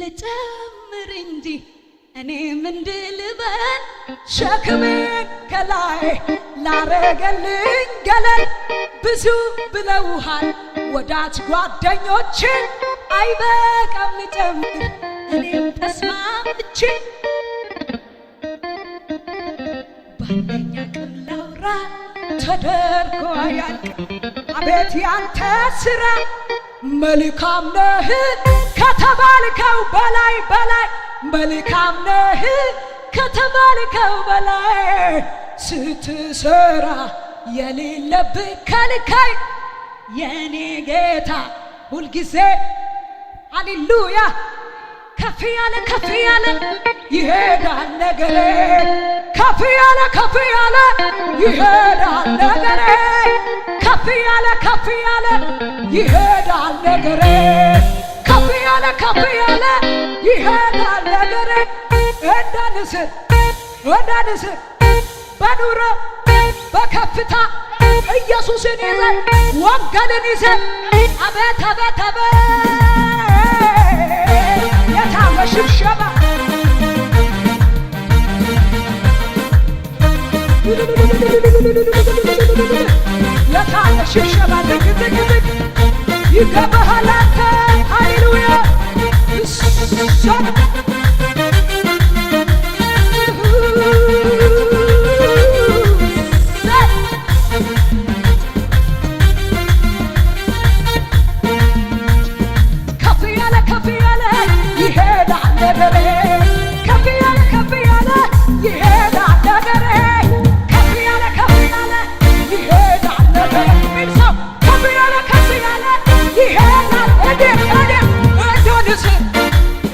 ልጨምር እንጂ እኔ ምንድልበን ሸክም ከላይ ላረገልኝ ገለል ብዙ ብለውሃል ወዳጅ ጓደኞች አይበቃም ልጨምር እኔም ተስማምች ባንደኛ አቅም ላውራ ተደርጎ አያልቅ አቤት ያንተ ስራ መልካም ነህ ከተባልከው በላይ በላይ መልካም ነህ ከተባልከው በላይ ስትሰራ የሌለብህ ከልካይ የኔ ጌታ ሁልጊዜ አሌሉያ ከፍ ያለ ከፍ ያለ ይሄዳል ነገር ከፍ ያለ ከፍ ያለ ይሄዳል ነገር ከፍ ያለ ከፍ ያለ ይሄዳል ነገሬ ከፍ ያለ ይሄዳል ነገር እንደ ንስር እንደ ንስር በኑሮ በከፍታ ኢየሱስን ይዘ ወንጌልን ይዘ አቤት አቤት አቤት የታለ ሽብሸባ የታለ ሽብሸባ ድግድግድግ ይገባሃል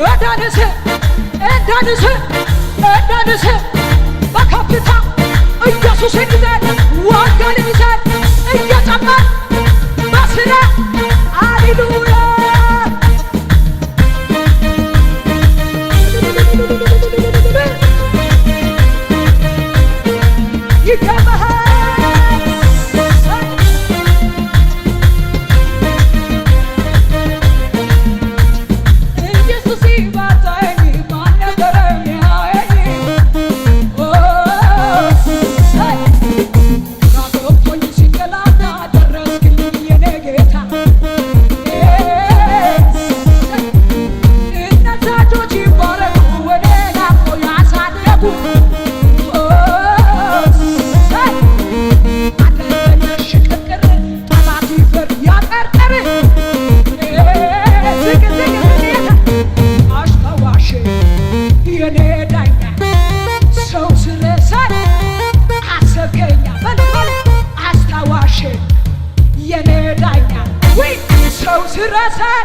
እዳንስ እዳንስ እዳንስ በከፍታ ኢየሱስ እንዲዳን ቀውስ ረሳን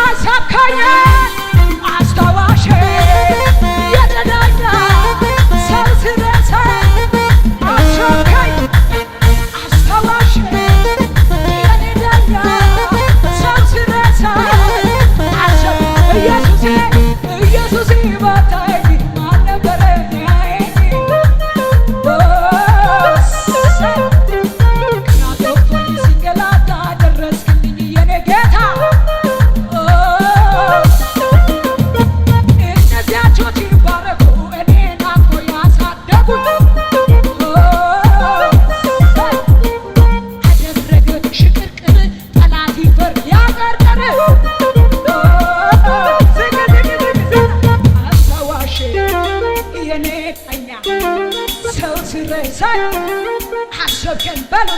አሳካኛን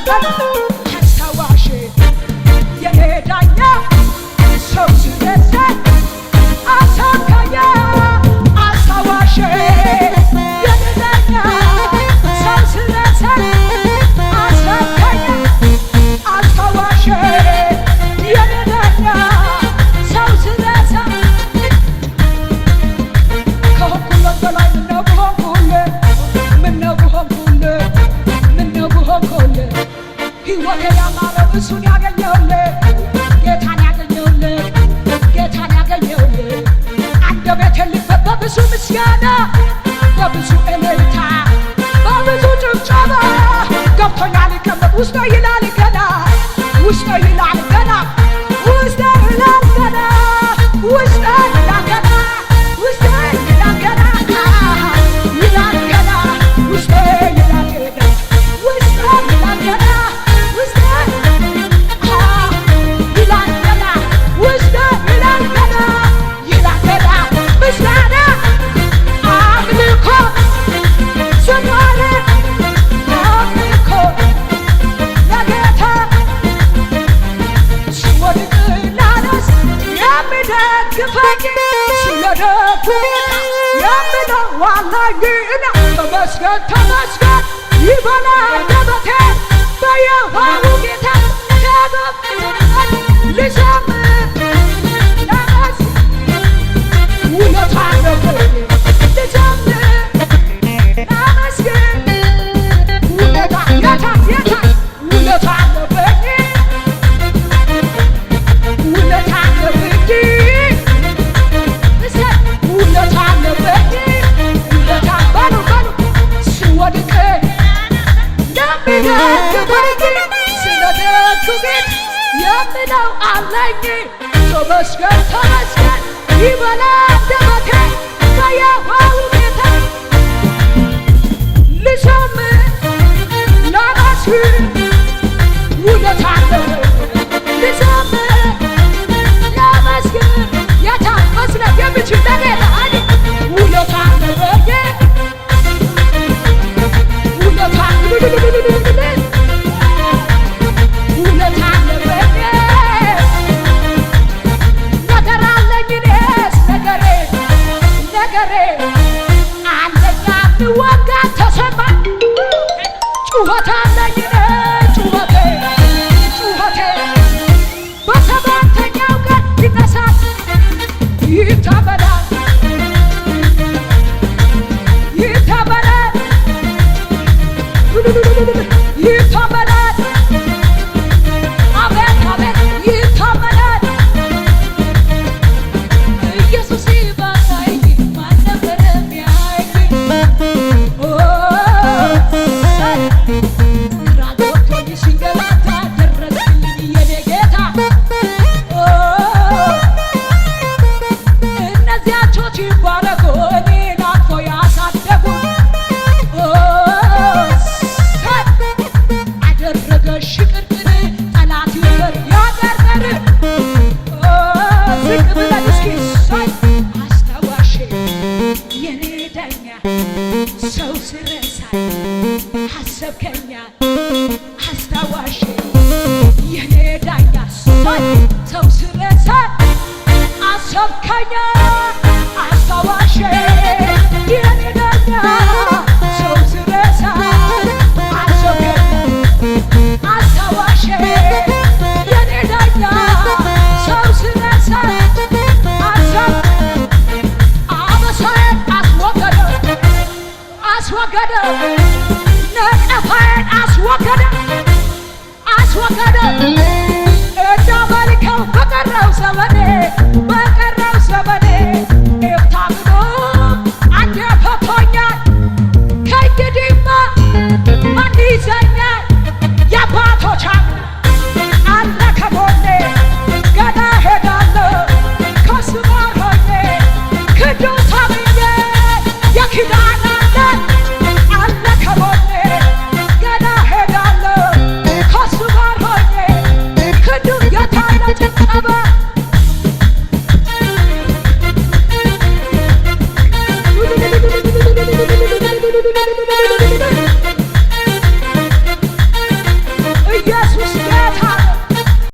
b y እሱን ያገኘ Ata güğüne Tabaşka tabaşka Yıvana tabatı Dayı havu geten Kadın አስወገደ፣ ነቀፋዬን አስወገደ፣ አስወገደ። እንደ መልከው በቀረው ዘመኔ በቀረው ዘመኔ ኤፍታ ብሎ አንዴ ፈቶኛ